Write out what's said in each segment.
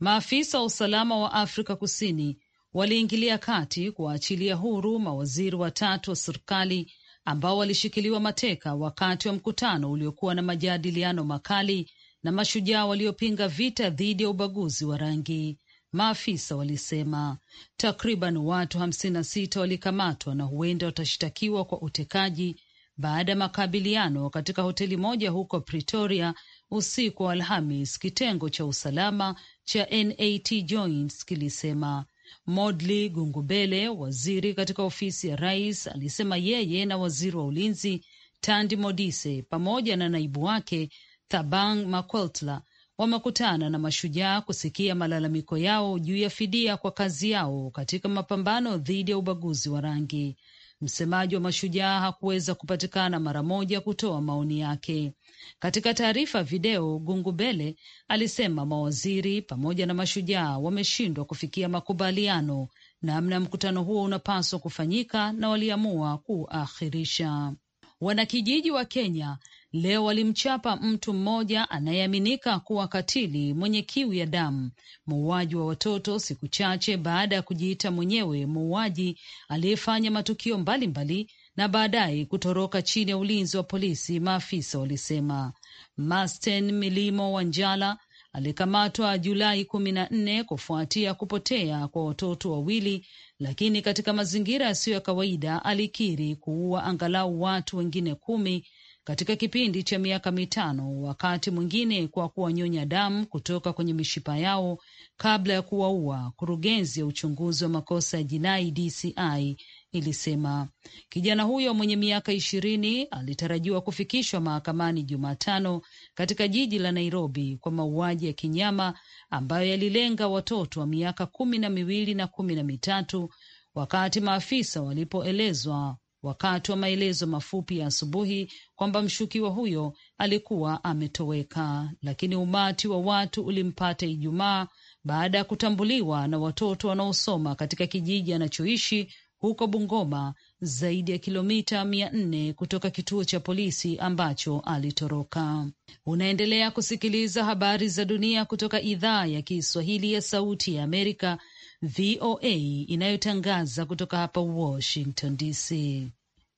Maafisa wa usalama wa Afrika Kusini waliingilia kati kuwaachilia huru mawaziri watatu wa serikali ambao walishikiliwa mateka wakati wa mkutano uliokuwa na majadiliano makali na mashujaa waliopinga vita dhidi ya ubaguzi wa rangi. Maafisa walisema takriban watu hamsini na sita walikamatwa na huenda watashtakiwa kwa utekaji baada ya makabiliano katika hoteli moja huko Pretoria usiku wa Alhamis, kitengo cha usalama cha NAT joints kilisema. Modli Gungubele, waziri katika ofisi ya rais, alisema yeye na waziri wa ulinzi Tandi Modise pamoja na naibu wake Thabang Makweltla wamekutana na mashujaa kusikia malalamiko yao juu ya fidia kwa kazi yao katika mapambano dhidi ya ubaguzi wa rangi. Msemaji wa mashujaa hakuweza kupatikana mara moja kutoa maoni yake. Katika taarifa video, Gungubele alisema mawaziri pamoja na mashujaa wameshindwa kufikia makubaliano namna ya mkutano huo unapaswa kufanyika na waliamua kuakhirisha. Wanakijiji wa Kenya leo walimchapa mtu mmoja anayeaminika kuwa katili mwenye kiu ya damu, muuaji wa watoto, siku chache baada ya kujiita mwenyewe muuaji, aliyefanya matukio mbalimbali mbali, na baadaye kutoroka chini ya ulinzi wa polisi, maafisa walisema. Masten Milimo Wanjala alikamatwa Julai kumi na nne kufuatia kupotea kwa watoto wawili, lakini katika mazingira yasiyo ya kawaida alikiri kuua angalau watu wengine kumi katika kipindi cha miaka mitano, wakati mwingine kwa kuwanyonya damu kutoka kwenye mishipa yao kabla ya kuwaua. Kurugenzi ya uchunguzi wa makosa ya jinai DCI ilisema kijana huyo mwenye miaka ishirini alitarajiwa kufikishwa mahakamani Jumatano katika jiji la Nairobi kwa mauaji ya kinyama ambayo yalilenga watoto wa miaka kumi na miwili na kumi na mitatu wakati maafisa walipoelezwa wakati wa maelezo mafupi ya asubuhi kwamba mshukiwa huyo alikuwa ametoweka, lakini umati wa watu ulimpata Ijumaa baada ya kutambuliwa na watoto wanaosoma katika kijiji anachoishi huko Bungoma, zaidi ya kilomita mia nne kutoka kituo cha polisi ambacho alitoroka. Unaendelea kusikiliza habari za dunia kutoka idhaa ya Kiswahili ya Sauti ya Amerika, VOA, inayotangaza kutoka hapa Washington DC.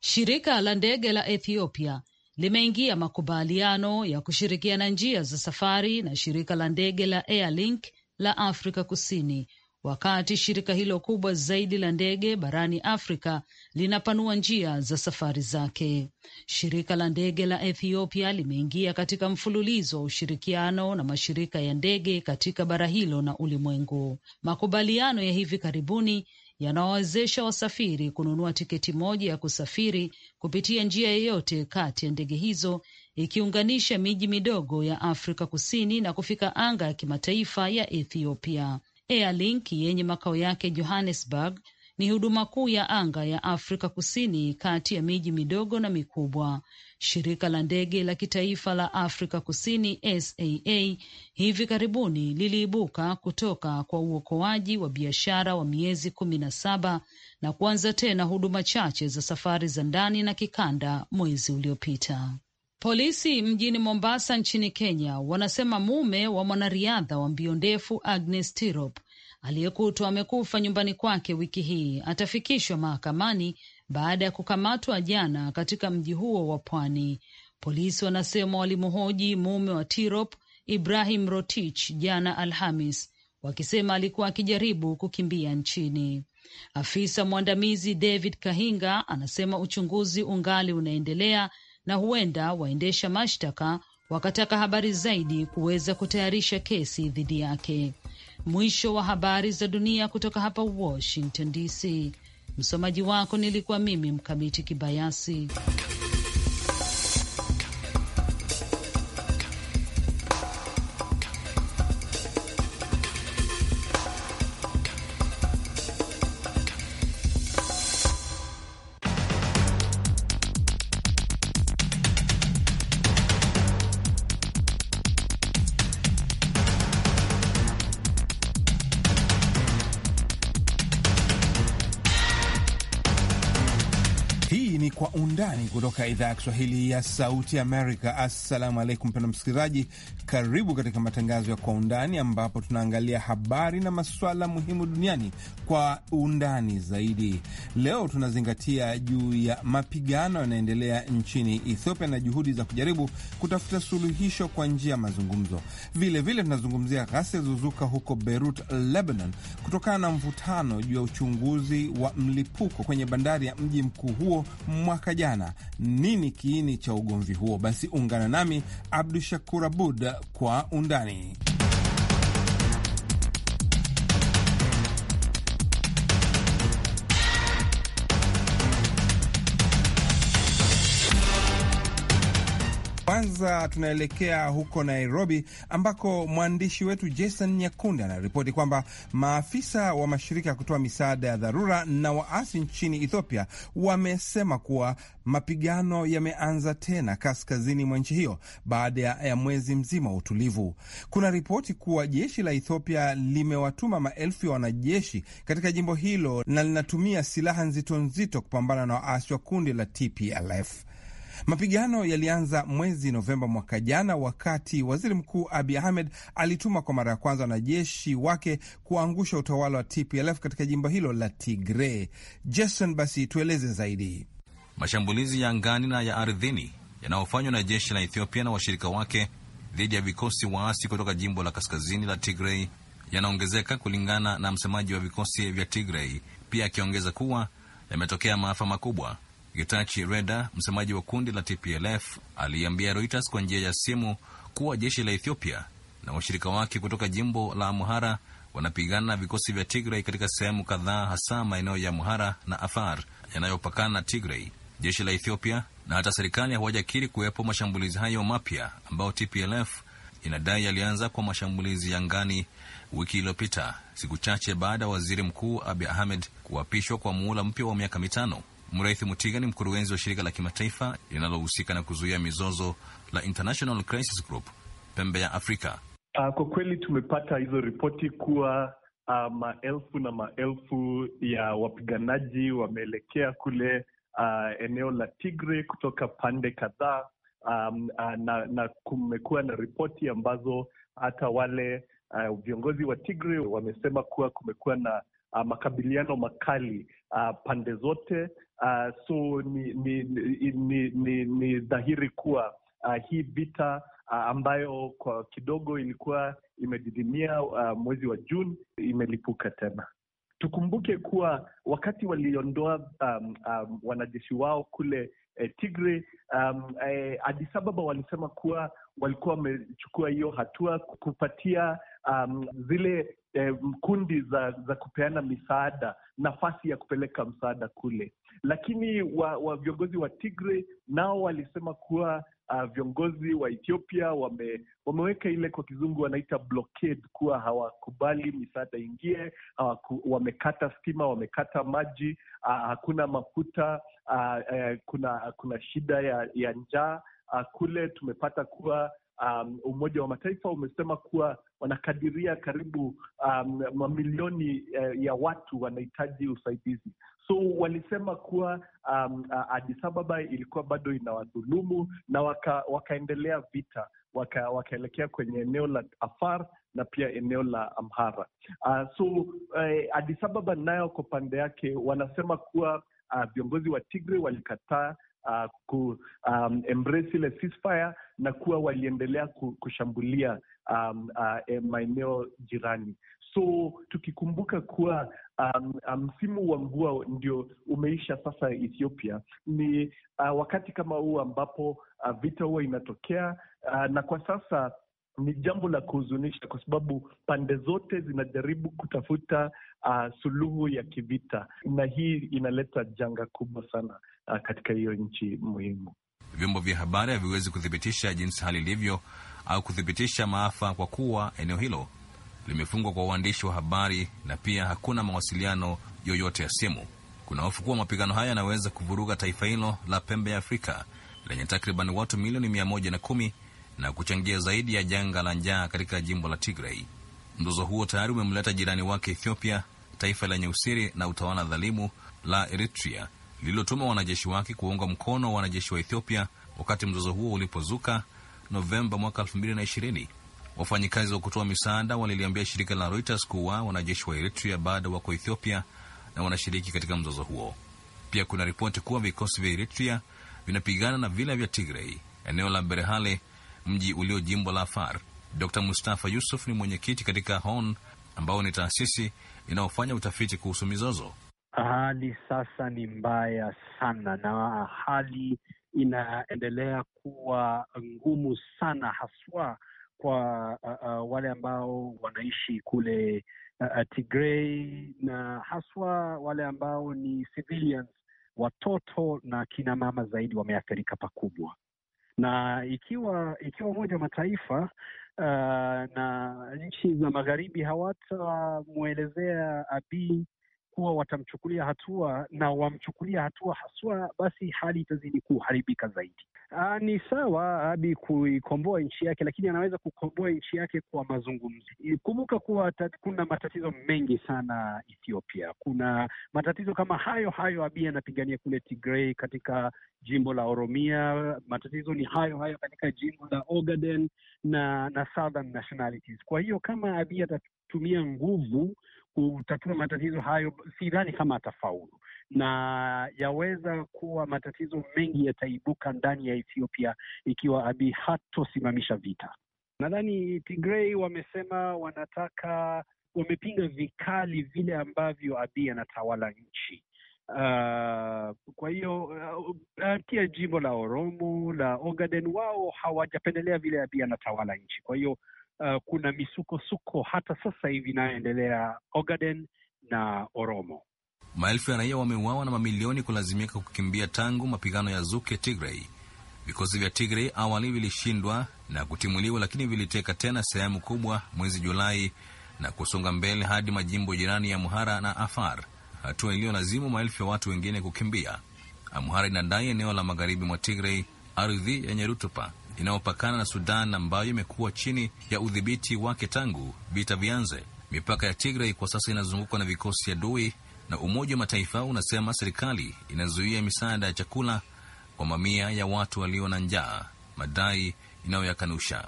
Shirika la ndege la Ethiopia limeingia makubaliano ya kushirikiana njia za safari na shirika la ndege la Airlink la Afrika Kusini, wakati shirika hilo kubwa zaidi la ndege barani Afrika linapanua njia za safari zake. Shirika la ndege la Ethiopia limeingia katika mfululizo wa ushirikiano na mashirika ya ndege katika bara hilo na ulimwengu. Makubaliano ya hivi karibuni yanawawezesha wasafiri kununua tiketi moja ya kusafiri kupitia njia yeyote kati ya ndege hizo ikiunganisha miji midogo ya Afrika Kusini na kufika anga ya kimataifa ya Ethiopia. Airlink yenye makao yake Johannesburg ni huduma kuu ya anga ya Afrika Kusini kati ya miji midogo na mikubwa. Shirika la ndege la kitaifa la Afrika Kusini SAA hivi karibuni liliibuka kutoka kwa uokoaji wa biashara wa miezi kumi na saba na kuanza tena huduma chache za safari za ndani na kikanda mwezi uliopita. Polisi mjini Mombasa nchini Kenya wanasema mume wa mwanariadha wa mbio ndefu Agnes Tirop aliyekutwa amekufa nyumbani kwake wiki hii atafikishwa mahakamani baada ya kukamatwa jana katika mji huo wa pwani. Polisi wanasema walimhoji mume wa Tirop Ibrahim Rotich jana Alhamis, wakisema alikuwa akijaribu kukimbia nchini. Afisa mwandamizi David Kahinga anasema uchunguzi ungali unaendelea na huenda waendesha mashtaka wakataka habari zaidi kuweza kutayarisha kesi dhidi yake. Mwisho wa habari za dunia kutoka hapa Washington DC. Msomaji wako nilikuwa mimi Mkamiti Kibayasi. kutoka idhaa ya Kiswahili ya Sauti Amerika. Assalamu alaikum, pendo msikilizaji, karibu katika matangazo ya Kwa Undani ambapo tunaangalia habari na masuala muhimu duniani kwa undani zaidi. Leo tunazingatia juu ya mapigano yanaendelea nchini Ethiopia na juhudi za kujaribu kutafuta suluhisho kwa njia ya mazungumzo. Vilevile tunazungumzia ghasia zilizozuka huko Beirut, Lebanon, kutokana na mvutano juu ya uchunguzi wa mlipuko kwenye bandari ya mji mkuu huo mwaka jana nini kiini cha ugomvi huo? Basi ungana nami Abdu Shakur Abud kwa undani. kwanza tunaelekea huko Nairobi ambako mwandishi wetu Jason Nyakundi anaripoti kwamba maafisa wa mashirika ya kutoa misaada ya dharura na waasi nchini Ethiopia wamesema kuwa mapigano yameanza tena kaskazini mwa nchi hiyo baada ya mwezi mzima wa utulivu. Kuna ripoti kuwa jeshi la Ethiopia limewatuma maelfu ya wanajeshi katika jimbo hilo na linatumia silaha nzito nzito kupambana na waasi wa kundi la TPLF. Mapigano yalianza mwezi Novemba mwaka jana, wakati waziri mkuu Abi Ahmed alituma kwa mara ya kwanza wanajeshi wake kuangusha utawala wa TPLF katika jimbo hilo la Tigre. Jason, basi tueleze zaidi. Mashambulizi ya angani na ya ardhini yanayofanywa na jeshi la Ethiopia na washirika wake dhidi ya vikosi waasi kutoka jimbo la kaskazini la tigrei yanaongezeka, kulingana na msemaji wa vikosi vya tigrei pia akiongeza kuwa yametokea maafa makubwa Getachew Reda, msemaji wa kundi la TPLF, aliambia Reuters kwa njia ya simu kuwa jeshi la Ethiopia na washirika wake kutoka jimbo la Amhara wanapigana na vikosi vya Tigray katika sehemu kadhaa, hasa maeneo ya Amhara na Afar yanayopakana na Tigray. Jeshi la Ethiopia na hata serikali hawajakiri kuwepo mashambulizi hayo mapya ambayo TPLF inadai yalianza kwa mashambulizi ya ngani wiki iliyopita, siku chache baada ya waziri mkuu Abiy Ahmed kuapishwa kwa muhula mpya wa miaka mitano. Mraithi Mutiga ni mkurugenzi wa shirika la kimataifa linalohusika na kuzuia mizozo la International Crisis Group pembe ya Afrika. Uh, kwa kweli tumepata hizo ripoti kuwa uh, maelfu na maelfu ya wapiganaji wameelekea kule uh, eneo la tigre kutoka pande kadhaa um, uh, na, na kumekuwa na ripoti ambazo hata wale uh, viongozi wa tigre wamesema kuwa kumekuwa na uh, makabiliano makali uh, pande zote Uh, so ni ni ni, ni, ni, ni dhahiri kuwa uh, hii vita uh, ambayo kwa kidogo ilikuwa imedidimia uh, mwezi wa Juni imelipuka tena. Tukumbuke kuwa wakati waliondoa um, um, wanajeshi wao kule eh, Tigray um, eh, Addis Ababa walisema kuwa walikuwa wamechukua hiyo hatua kupatia um, zile eh, kundi za za kupeana misaada, nafasi ya kupeleka msaada kule, lakini wa, wa viongozi wa tigre nao walisema kuwa Uh, viongozi wa Ethiopia wame, wameweka ile kwa kizungu wanaita blockade, kuwa hawakubali misaada ingie, hawaku, wamekata stima, wamekata maji, ah, hakuna mafuta uh, uh, kuna kuna shida ya, ya njaa uh, kule tumepata kuwa um, Umoja wa Mataifa umesema kuwa wanakadiria karibu um, mamilioni uh, ya watu wanahitaji usaidizi. So walisema kuwa um, Addis Ababa ilikuwa bado inawadhulumu na waka, wakaendelea vita waka, wakaelekea kwenye eneo la Afar na pia eneo la Amhara. Uh, so uh, Addis Ababa nayo kwa pande yake wanasema kuwa uh, viongozi wa Tigray walikataa uh, ku um, embrace ile ceasefire na kuwa waliendelea kushambulia um, uh, eh, maeneo jirani. So tukikumbuka kuwa um, uh, msimu um, um, wa mvua ndio umeisha sasa Ethiopia, ni uh, wakati kama huu ambapo uh, vita huwa inatokea uh, na kwa sasa ni jambo la kuhuzunisha kwa sababu pande zote zinajaribu kutafuta uh, suluhu ya kivita, na hii inaleta janga kubwa sana uh, katika hiyo nchi muhimu. Vyombo vya habari haviwezi kuthibitisha jinsi hali ilivyo au kuthibitisha maafa kwa kuwa eneo hilo limefungwa kwa uandishi wa habari na pia hakuna mawasiliano yoyote ya simu. Kuna hofu kuwa mapigano haya yanaweza kuvuruga taifa hilo la pembe ya Afrika lenye takriban watu milioni mia moja na kumi na kuchangia zaidi ya janga la njaa katika jimbo la Tigray. Mzozo huo tayari umemleta jirani wake Ethiopia, taifa lenye usiri na utawala dhalimu la Eritrea lililotuma wanajeshi wake kuwaunga mkono wanajeshi wa Ethiopia wakati mzozo huo ulipozuka Novemba mwaka 2020. Wafanyikazi wa kutoa misaada waliliambia shirika la Reuters kuwa wanajeshi wa Eritrea bado wako Ethiopia na wanashiriki katika mzozo huo. Pia kuna ripoti kuwa vikosi vya Eritrea vinapigana na vile vya Tigray eneo la Berehale mji ulio jimbo la Afar. Dr Mustafa Yusuf ni mwenyekiti katika HON ambao ni taasisi inayofanya utafiti kuhusu mizozo. Hali sasa ni mbaya sana, na hali inaendelea kuwa ngumu sana, haswa kwa uh, uh, wale ambao wanaishi kule uh, uh Tigray na haswa wale ambao ni civilians, watoto na kina mama zaidi wameathirika pakubwa na ikiwa ikiwa Umoja wa Mataifa uh, na nchi za magharibi hawatamwelezea Abiy kuwa watamchukulia hatua na wamchukulia hatua haswa, basi hali itazidi kuharibika zaidi. Aa, ah, ni sawa Abi kuikomboa nchi yake, lakini anaweza kukomboa nchi yake kwa mazungumzo. Kumbuka kuwa kuna matatizo mengi sana Ethiopia. Kuna matatizo kama hayo hayo Abi anapigania kule Tigray, katika jimbo la Oromia. Matatizo ni hayo hayo katika jimbo la Ogaden na na Southern Nationalities. Kwa hiyo kama Abi atatumia nguvu kutatua matatizo hayo, sidhani kama atafaulu na yaweza kuwa matatizo mengi yataibuka ndani ya Ethiopia ikiwa abi hatosimamisha vita. Nadhani tigrei wamesema wanataka, wamepinga vikali vile ambavyo abi anatawala nchi. Uh, kwa hiyo uh, uh pia jimbo la Oromo la Ogaden wao hawajapendelea vile Abiy anatawala nchi. Kwa hiyo uh, kuna misukosuko hata sasa hivi inayoendelea Ogaden na Oromo. Maelfu ya raia wameuawa na mamilioni kulazimika kukimbia tangu mapigano ya zuke Tigray. Vikosi vya Tigray awali vilishindwa na kutimuliwa, lakini viliteka tena sehemu kubwa mwezi Julai na kusonga mbele hadi majimbo jirani ya Amhara na Afar, hatua iliyolazimu maelfu ya watu wengine kukimbia. Amhara inadai eneo la magharibi mwa Tigray, ardhi yenye rutuba inayopakana na Sudan ambayo imekuwa chini ya udhibiti wake tangu vita vianze. Mipaka ya Tigray kwa sasa inazungukwa na vikosi adui na Umoja wa Mataifa unasema serikali inazuia misaada ya chakula kwa mamia ya watu walio na njaa, madai inayoyakanusha.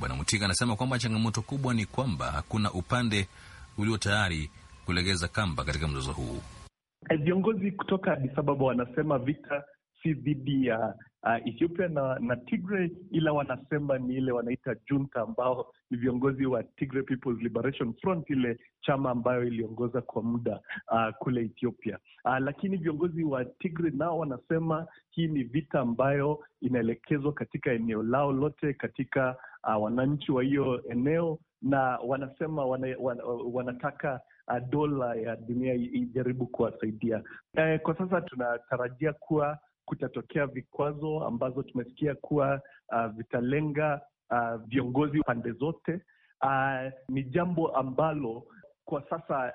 Bwana Mutiga anasema kwamba changamoto kubwa ni kwamba hakuna upande ulio tayari kulegeza kamba katika mzozo huu. Viongozi kutoka Addis wanasema vita si dhidi ya uh, Ethiopia na, na Tigre, ila wanasema ni ile wanaita junta ambao ni viongozi wa Tigray People's Liberation Front, ile chama ambayo iliongoza kwa muda uh, kule Ethiopia. Uh, lakini viongozi wa tigre nao wanasema hii ni vita ambayo inaelekezwa katika eneo lao lote, katika uh, wananchi wa hiyo eneo, na wanasema wana, wana, wanataka uh, dola ya dunia ijaribu kuwasaidia. Uh, kwa sasa tunatarajia kuwa kutatokea vikwazo ambazo tumesikia kuwa uh, vitalenga uh, viongozi pande zote. Uh, ni jambo ambalo kwa sasa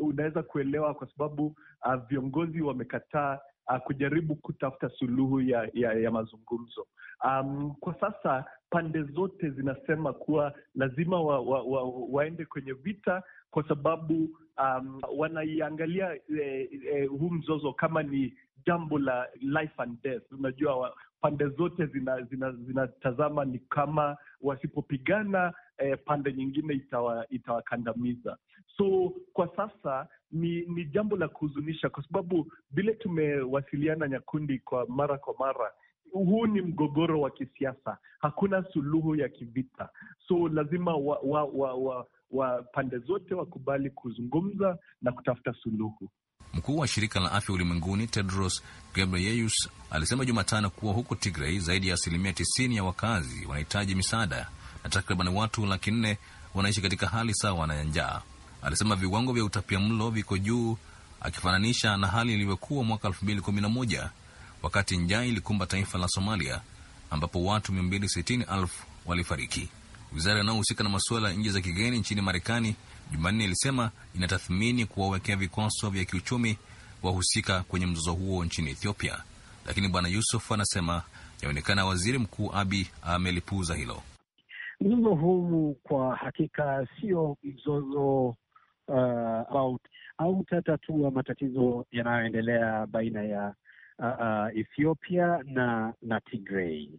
unaweza kuelewa kwa sababu uh, viongozi wamekataa uh, kujaribu kutafuta suluhu ya, ya, ya mazungumzo. Um, kwa sasa pande zote zinasema kuwa lazima wa, wa, wa, waende kwenye vita kwa sababu um, wanaiangalia eh, eh, huu mzozo kama ni jambo la life and death. Unajua, pande zote zinatazama zina, zina ni kama wasipopigana eh, pande nyingine itawa, itawakandamiza. So kwa sasa ni ni jambo la kuhuzunisha, kwa sababu vile tumewasiliana Nyakundi kwa mara kwa mara huu ni mgogoro wa kisiasa, hakuna suluhu ya kivita, so lazima wa, wa, wa, wa, wa pande zote wakubali kuzungumza na kutafuta suluhu. Mkuu wa shirika la afya ulimwenguni Tedros Ghebreyesus alisema Jumatano kuwa huko Tigray zaidi ya asilimia tisini ya wakazi wanahitaji misaada na takriban watu laki nne wanaishi katika hali sawa na ya njaa. Alisema viwango vya utapia mlo viko juu, akifananisha na hali ilivyokuwa mwaka elfu mbili kumi na moja wakati njaa ilikumba taifa la Somalia ambapo watu mia walifariki. Wizara inayohusika na masuala ya nchi za kigeni nchini Marekani Jumanne ilisema inatathmini kuwawekea vikwazo vya kiuchumi wahusika kwenye mzozo huo nchini Ethiopia, lakini Bwana Yusuf anasema inaonekana waziri mkuu Abi amelipuuza hilo. Mzozo huu kwa hakika sio mzozo uh, wa matatizo yanayoendelea baina ya uh, uh, Ethiopia na na Tigray.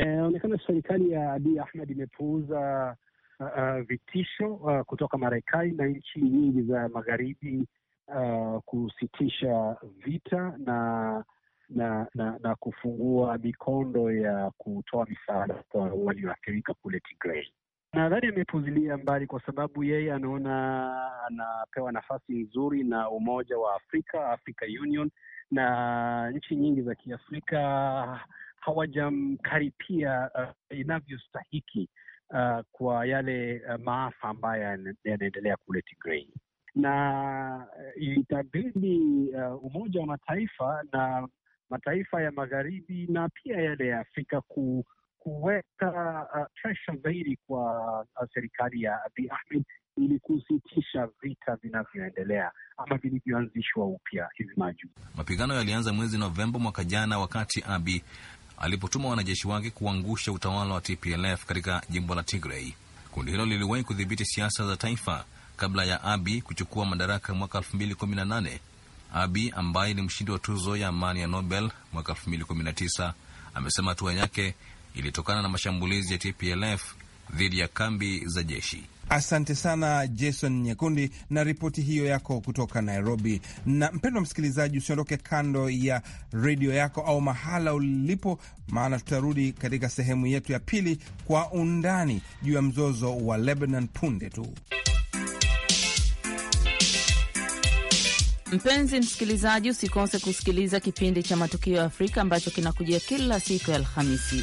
Inaonekana yeah, serikali ya Abiy Ahmed imepuuza uh, uh, vitisho uh, kutoka Marekani na nchi nyingi za magharibi uh, kusitisha vita na na na, na kufungua mikondo ya kutoa misaada kwa walioathirika kule Tigray. Nadhani amepuzilia mbali kwa sababu yeye anaona anapewa nafasi nzuri na Umoja wa Afrika, Africa Union na nchi nyingi za Kiafrika hawajamkaripia uh, inavyostahiki uh, kwa yale uh, maafa ambayo yanaendelea kule Tigrei na uh, itabidi uh, Umoja wa Mataifa na mataifa ya magharibi na pia yale ya Afrika ku, kuweka uh, presha zaidi kwa uh, serikali ya Abiy Ahmed ili kusitisha vita vinavyoendelea ama vilivyoanzishwa upya hivi majuzi. Mapigano yalianza mwezi Novemba mwaka jana, wakati Abiy alipotuma wanajeshi wake kuangusha utawala wa TPLF katika jimbo la Tigray. Kundi hilo liliwahi kudhibiti siasa za taifa kabla ya Abiy kuchukua madaraka mwaka 2018. Abiy ambaye ni mshindi wa tuzo ya amani ya Nobel mwaka 2019 amesema hatua yake ilitokana na mashambulizi ya TPLF dhidi ya kambi za jeshi. Asante sana Jason Nyekundi na ripoti hiyo yako kutoka Nairobi. Na mpendwa msikilizaji, usiondoke kando ya redio yako au mahala ulipo, maana tutarudi katika sehemu yetu ya pili kwa undani juu ya mzozo wa Lebanon punde tu. Mpenzi msikilizaji, usikose kusikiliza kipindi cha Matukio ya Afrika ambacho kinakujia kila siku ya Alhamisi.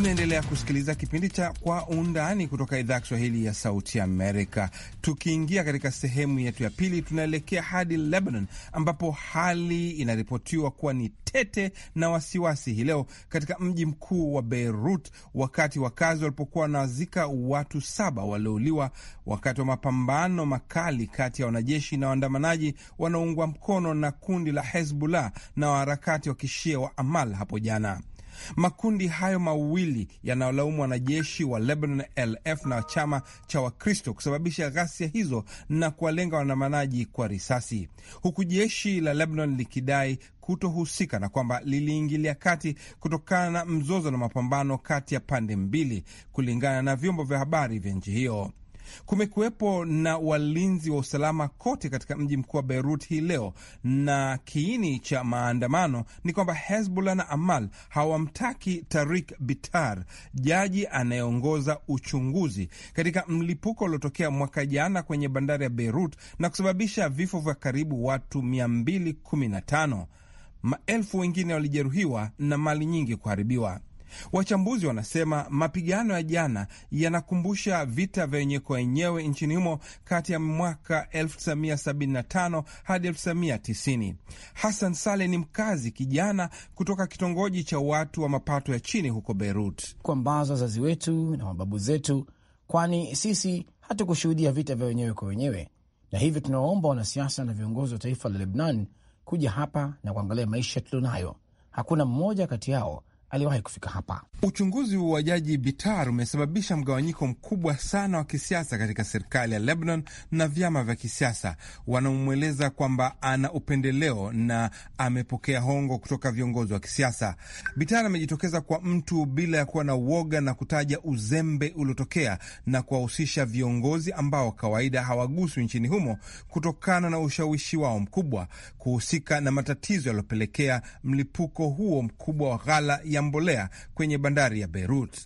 Unaendelea kusikiliza kipindi cha Kwa Undani kutoka idhaa ya Kiswahili ya Sauti Amerika. Tukiingia katika sehemu yetu ya pili, tunaelekea hadi Lebanon ambapo hali inaripotiwa kuwa ni tete na wasiwasi hii leo katika mji mkuu wa Beirut, wakati wakazi walipokuwa wanawazika watu saba waliouliwa wakati wa mapambano makali kati ya wanajeshi na waandamanaji wanaoungwa mkono na kundi la Hezbollah na waharakati wa kishia wa Amal hapo jana. Makundi hayo mawili yanayolaumu wanajeshi wa Lebanon LF na chama cha Wakristo kusababisha ghasia hizo na kuwalenga waandamanaji kwa risasi, huku jeshi la Lebanon likidai kutohusika na kwamba liliingilia kati kutokana na mzozo na mapambano kati ya pande mbili, kulingana na vyombo vya habari vya nchi hiyo. Kumekuwepo na walinzi wa usalama kote katika mji mkuu wa Beirut hii leo, na kiini cha maandamano ni kwamba Hezbollah na Amal hawamtaki Tarik Bitar, jaji anayeongoza uchunguzi katika mlipuko uliotokea mwaka jana kwenye bandari ya Beirut na kusababisha vifo vya karibu watu 215. Maelfu wengine walijeruhiwa na mali nyingi kuharibiwa. Wachambuzi wanasema mapigano ya jana yanakumbusha vita vya wenyewe kwa wenyewe nchini humo kati ya mwaka 1975 hadi 1990. Hassan Saleh ni mkazi kijana kutoka kitongoji cha watu wa mapato ya chini huko Beirut. Kwambaza wazazi wetu na mababu zetu, kwani sisi hatukushuhudia vita vya wenyewe kwa wenyewe, na hivyo tunawaomba wanasiasa na viongozi wa taifa la Lebnan kuja hapa na kuangalia maisha tulionayo. Hakuna mmoja kati yao aliyewahi kufika hapa. Uchunguzi wa Jaji Bitar umesababisha mgawanyiko mkubwa sana wa kisiasa katika serikali ya Lebanon na vyama vya kisiasa wanaomweleza kwamba ana upendeleo na amepokea hongo kutoka viongozi wa kisiasa. Bitar amejitokeza kwa mtu bila ya kuwa na uoga na kutaja uzembe uliotokea na kuwahusisha viongozi ambao kawaida hawaguswi nchini humo kutokana na ushawishi wao mkubwa kuhusika na matatizo yaliyopelekea mlipuko huo mkubwa wa ghala ya ya mbolea kwenye bandari ya Beirut.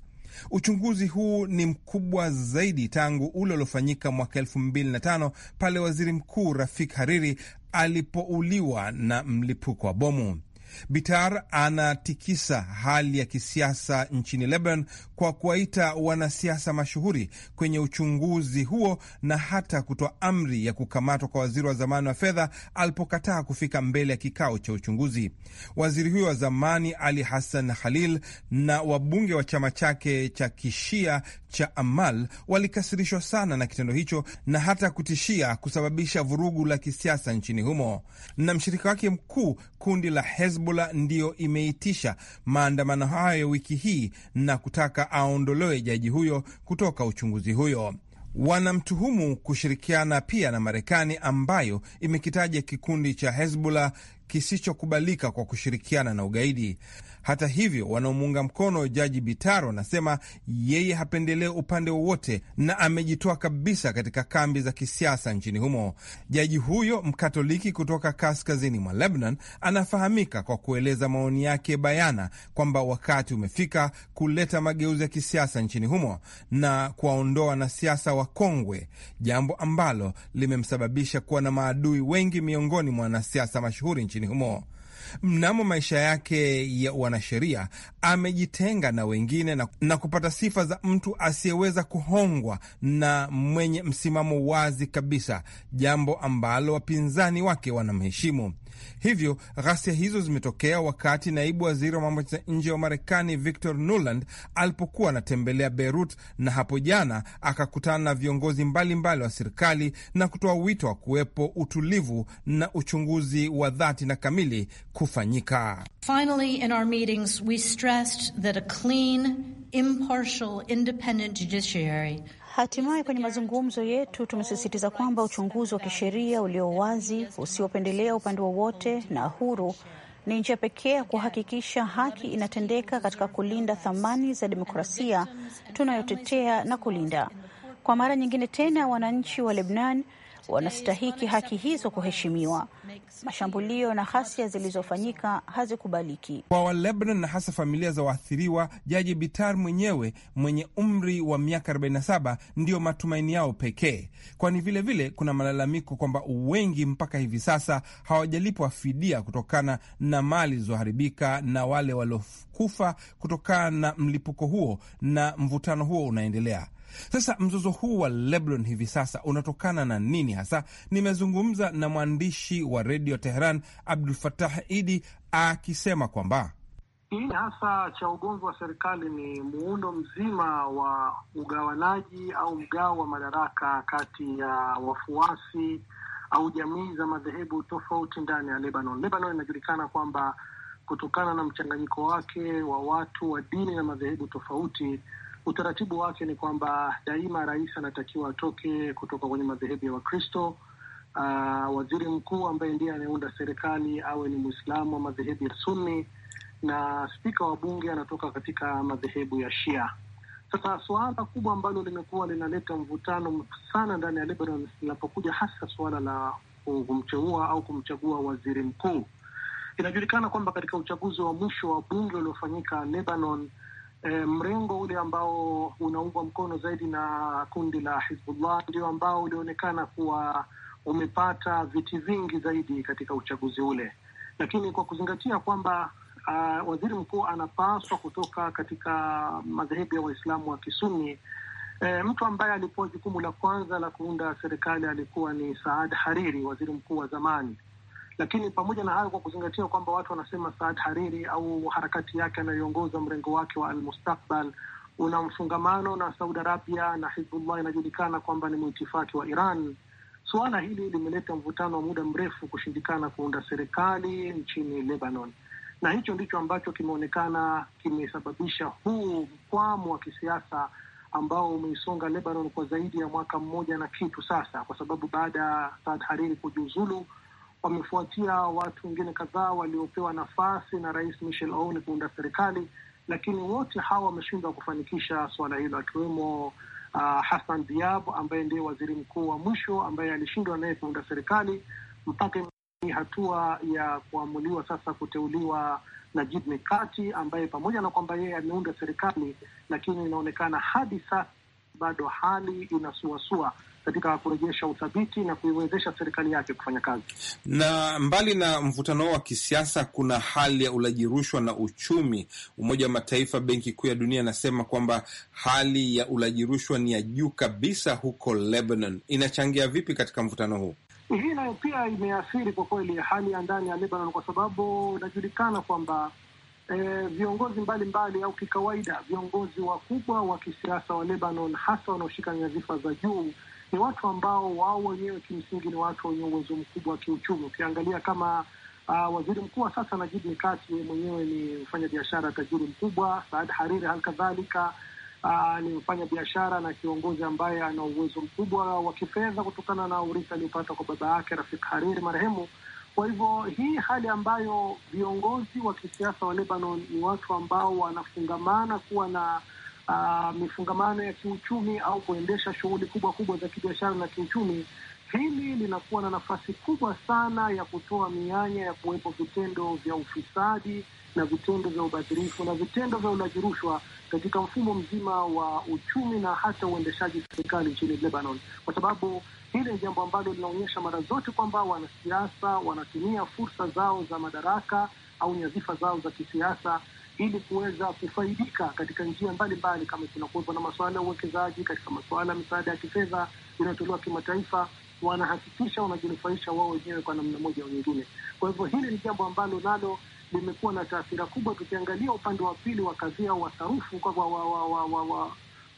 Uchunguzi huu ni mkubwa zaidi tangu ule uliofanyika mwaka elfu mbili na tano pale waziri mkuu Rafik Hariri alipouliwa na mlipuko wa bomu. Bitar anatikisa hali ya kisiasa nchini Lebanon kwa kuwaita wanasiasa mashuhuri kwenye uchunguzi huo na hata kutoa amri ya kukamatwa kwa waziri wa zamani wa fedha alipokataa kufika mbele ya kikao cha uchunguzi. Waziri huyo wa zamani Ali Hassan Khalil na wabunge wa chama chake cha kishia cha Amal walikasirishwa sana na kitendo hicho na hata kutishia kusababisha vurugu la kisiasa nchini humo. Na mshirika wake mkuu kundi la Hezbo Hezbollah ndiyo imeitisha maandamano hayo wiki hii na kutaka aondolewe jaji huyo kutoka uchunguzi huyo. Wanamtuhumu kushirikiana pia na Marekani ambayo imekitaja kikundi cha Hezbollah kisichokubalika kwa kushirikiana na ugaidi. Hata hivyo, wanaomuunga mkono Jaji Bitaro wanasema yeye hapendelee upande wowote na amejitoa kabisa katika kambi za kisiasa nchini humo. Jaji huyo Mkatoliki kutoka kaskazini mwa Lebanon anafahamika kwa kueleza maoni yake bayana kwamba wakati umefika kuleta mageuzi ya kisiasa nchini humo na kuwaondoa wanasiasa wakongwe, jambo ambalo limemsababisha kuwa na maadui wengi miongoni mwa wanasiasa mashuhuri nchini humo. Mnamo maisha yake ya wanasheria amejitenga na wengine na, na kupata sifa za mtu asiyeweza kuhongwa na mwenye msimamo wazi kabisa, jambo ambalo wapinzani wake wanamheshimu. Hivyo ghasia hizo zimetokea wakati naibu waziri wa mambo ya nje wa Marekani Victor Nuland alipokuwa anatembelea Beirut, na hapo jana akakutana na viongozi mbalimbali mbali wa serikali na kutoa wito wa kuwepo utulivu na uchunguzi wa dhati na kamili kufanyika. Finally, in our meetings, we stressed that a clean, impartial, independent judiciary Hatimaye kwenye mazungumzo yetu tumesisitiza kwamba uchunguzi wa kisheria ulio wazi, usiopendelea upande wowote na huru ni njia pekee ya kuhakikisha haki inatendeka katika kulinda thamani za demokrasia tunayotetea na kulinda. Kwa mara nyingine tena, wananchi wa Lebnan wanastahiki haki hizo kuheshimiwa. Mashambulio na ghasia zilizofanyika hazikubaliki kwa Walebnan na hasa familia za waathiriwa. Jaji Bitar mwenyewe mwenye umri wa miaka 47 ndiyo matumaini yao pekee, kwani vilevile kuna malalamiko kwamba wengi mpaka hivi sasa hawajalipwa fidia kutokana na mali zilizoharibika na wale waliokufa kutokana na mlipuko huo, na mvutano huo unaendelea. Sasa mzozo huu wa Lebanon hivi sasa unatokana na nini hasa? Nimezungumza na mwandishi wa redio Teheran Abdul Fatah Idi akisema kwamba hii hasa cha ugomvi wa serikali ni muundo mzima wa ugawanaji au mgao wa madaraka kati ya wafuasi au jamii za madhehebu tofauti ndani ya Lebanon. Lebanon inajulikana kwamba kutokana na mchanganyiko wake wa watu wa dini na madhehebu tofauti Utaratibu wake ni kwamba daima rais anatakiwa atoke kutoka kwenye madhehebu ya Wakristo. Uh, waziri mkuu ambaye ndiye anayeunda serikali awe ni Mwislamu wa madhehebu ya Sunni na spika wa bunge anatoka katika madhehebu ya Shia. Sasa suala kubwa ambalo limekuwa linaleta mvutano sana ndani ya Lebanon linapokuja hasa suala la kumteua au kumchagua waziri mkuu. Inajulikana kwamba katika uchaguzi wa mwisho wa bunge uliofanyika Lebanon e, mrengo ule ambao unaungwa mkono zaidi na kundi la Hizbullah ndio ambao ulionekana kuwa umepata viti vingi zaidi katika uchaguzi ule, lakini kwa kuzingatia kwamba uh, waziri mkuu anapaswa kutoka katika madhehebu ya Waislamu wa Kisuni. E, mtu ambaye alipewa jukumu la kwanza la kuunda serikali alikuwa ni Saad Hariri, waziri mkuu wa zamani. Lakini pamoja na hayo, kwa kuzingatia kwamba watu wanasema Saad Hariri au harakati yake anayoongoza mrengo wake wa Almustakbal una mfungamano na Saudi Arabia na Hizbullah inajulikana kwamba ni mwitifaki wa Iran. Suala hili limeleta mvutano wa muda mrefu kushindikana kuunda serikali nchini Lebanon, na hicho ndicho ambacho kimeonekana kimesababisha huu mkwamo wa kisiasa ambao umeisonga Lebanon kwa zaidi ya mwaka mmoja na kitu sasa, kwa sababu baada ya Saad Hariri kujiuzulu wamefuatia watu wengine kadhaa waliopewa nafasi na Rais Michel Aoun kuunda serikali, lakini wote hawa wameshindwa kufanikisha suala hilo, akiwemo uh, Hassan Diab ambaye ndiye waziri mkuu wa mwisho ambaye alishindwa naye kuunda serikali mpaka hatua ya kuamuliwa sasa kuteuliwa Najib Mikati ambaye pamoja na kwamba yeye ameunda serikali, lakini inaonekana hadi sasa bado hali inasuasua katika kurejesha uthabiti na kuiwezesha serikali yake kufanya kazi. Na mbali na mvutano wa kisiasa, kuna hali ya ulaji rushwa na uchumi. Umoja wa Mataifa, Benki Kuu ya Dunia anasema kwamba hali ya ulaji rushwa ni ya juu kabisa huko Lebanon. Inachangia vipi katika mvutano huu? Hii nayo pia imeathiri kwa kweli hali ya ndani ya Lebanon kwa sababu inajulikana kwamba E, viongozi mbalimbali au kikawaida viongozi wakubwa wa kisiasa wa Lebanon hasa wanaoshika nyadhifa za juu ni watu ambao wao wenyewe kimsingi ni watu wenye uwezo mkubwa wa kiuchumi. Ukiangalia kama uh, waziri mkuu wa sasa Najib Mikati mwenyewe ni mfanya biashara tajiri mkubwa. Saad Hariri hali kadhalika uh, ah, ni mfanya biashara na kiongozi ambaye ana uwezo mkubwa wa kifedha kutokana na urithi aliopata kwa baba yake Rafik Hariri marehemu. Kwa hivyo hii hali ambayo viongozi wa kisiasa wa Lebanon ni watu ambao wanafungamana kuwa na uh, mifungamano ya kiuchumi au kuendesha shughuli kubwa kubwa za kibiashara na kiuchumi, hili linakuwa na nafasi kubwa sana ya kutoa mianya ya kuwepo vitendo vya ufisadi na vitendo vya ubadhirifu na vitendo vya ulaji rushwa katika mfumo mzima wa uchumi na hata uendeshaji serikali nchini Lebanon, kwa sababu hili ni jambo ambalo linaonyesha mara zote kwamba wanasiasa wanatumia fursa zao za madaraka au nyadhifa zao za kisiasa ili kuweza kufaidika katika njia mbalimbali, kama kunakuwepo na masuala ya uwekezaji katika masuala ya misaada ya kifedha inayotolewa kimataifa, wanahakikisha wanajinufaisha wao wenyewe kwa namna moja au nyingine. Kwa hivyo hili ni jambo ambalo nalo limekuwa na taathira kubwa, tukiangalia upande wa pili wa kadhia wasarufu wa, wa, wa, wa, wa, wa,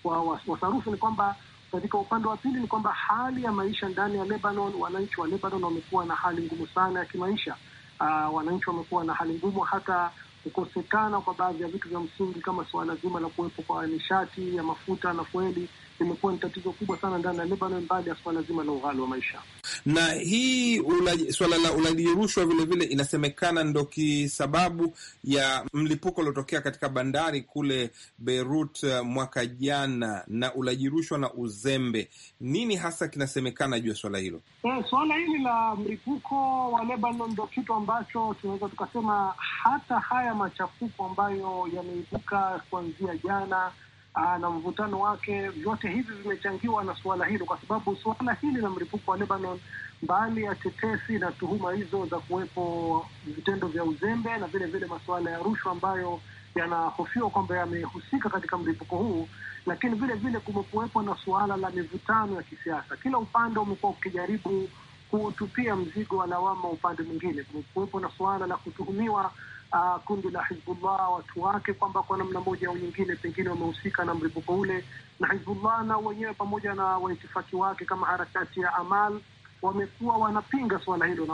wa, wa, wasarufu ni kwamba katika upande wa pili ni kwamba hali ya maisha ndani ya Lebanon, wananchi wa Lebanon wamekuwa na hali ngumu sana ya kimaisha. Uh, wananchi wamekuwa na hali ngumu hata kukosekana kwa baadhi ya vitu vya msingi kama suala zima la kuwepo kwa nishati ya mafuta na fueli limekuwa ni tatizo kubwa sana ndani ya Lebanon, baada ya suala zima la ughali wa maisha na hii ula, swala la ulaji rushwa vilevile inasemekana ndo kisababu ya mlipuko uliotokea katika bandari kule Beirut eh, mwaka jana, na ulaji rushwa na uzembe. Nini hasa kinasemekana juu ya swala hilo? Eh, swala hili la mlipuko wa Lebanon ndo kitu ambacho tunaweza tukasema hata haya machafuko ambayo yameibuka kuanzia jana Ah, na mvutano wake, vyote hivi vimechangiwa na suala hilo, kwa sababu suala hili la mripuko wa Lebanon, mbali ya tetesi na tuhuma hizo za kuwepo vitendo vya uzembe na vile vile masuala ya rushwa ambayo yanahofiwa kwamba yamehusika katika mlipuko huu, lakini vile vile kumekuwepo na suala la mivutano ya kisiasa. Kila upande umekuwa ukijaribu kutupia mzigo wa lawama upande mwingine. Kumekuwepo na suala la kutuhumiwa uh, kundi la Hizbullah watu wake kwamba kwa namna moja au nyingine pengine wamehusika na mlipuko ule, na Hizbullah nao wenyewe pamoja na waitifaki wake kama harakati ya Amal wamekuwa wanapinga suala hilo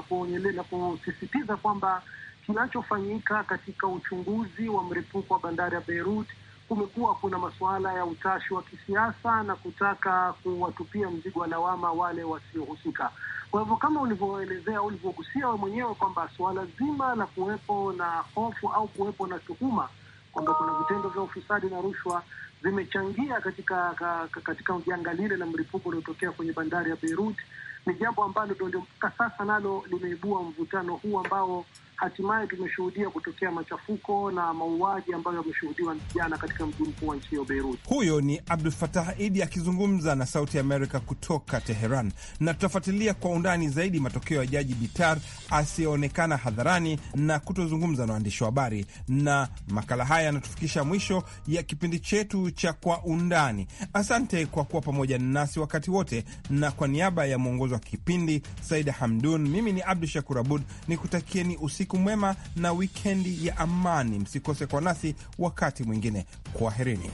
na kusisitiza kwamba kinachofanyika katika uchunguzi wa mripuko wa bandari ya Beirut kumekuwa kuna masuala ya utashi wa kisiasa na kutaka kuwatupia mzigo wa lawama wale wasiohusika. Kwa hivyo kama ulivyoelezea, ulivyogusia we mwenyewe kwamba suala zima la kuwepo na hofu au kuwepo na tuhuma kwamba kuna vitendo vya ufisadi na rushwa vimechangia katika katika janga lile la mlipuko uliotokea kwenye bandari ya Beirut, ni jambo ambalo ndio mpaka sasa nalo limeibua mvutano huu ambao hatimaye tumeshuhudia kutokea machafuko na mauaji ambayo yameshuhudiwa jana katika mji mkuu wa nchi hiyo Beirut. Huyo ni Abdul Fatah Idi akizungumza na Sauti Amerika kutoka Teheran, na tutafuatilia kwa undani zaidi matokeo ya Jaji Bitar asiyeonekana hadharani na kutozungumza na waandishi wa habari. Na makala haya yanatufikisha mwisho ya kipindi chetu cha Kwa Undani. Asante kwa kuwa pamoja nasi wakati wote, na kwa niaba ya mwongozi wa kipindi Saida Hamdun, mimi ni Abdu Shakur Abud nikutakieni usiku usiku mwema na wikendi ya amani. Msikose kwa nasi wakati mwingine, kwaherini.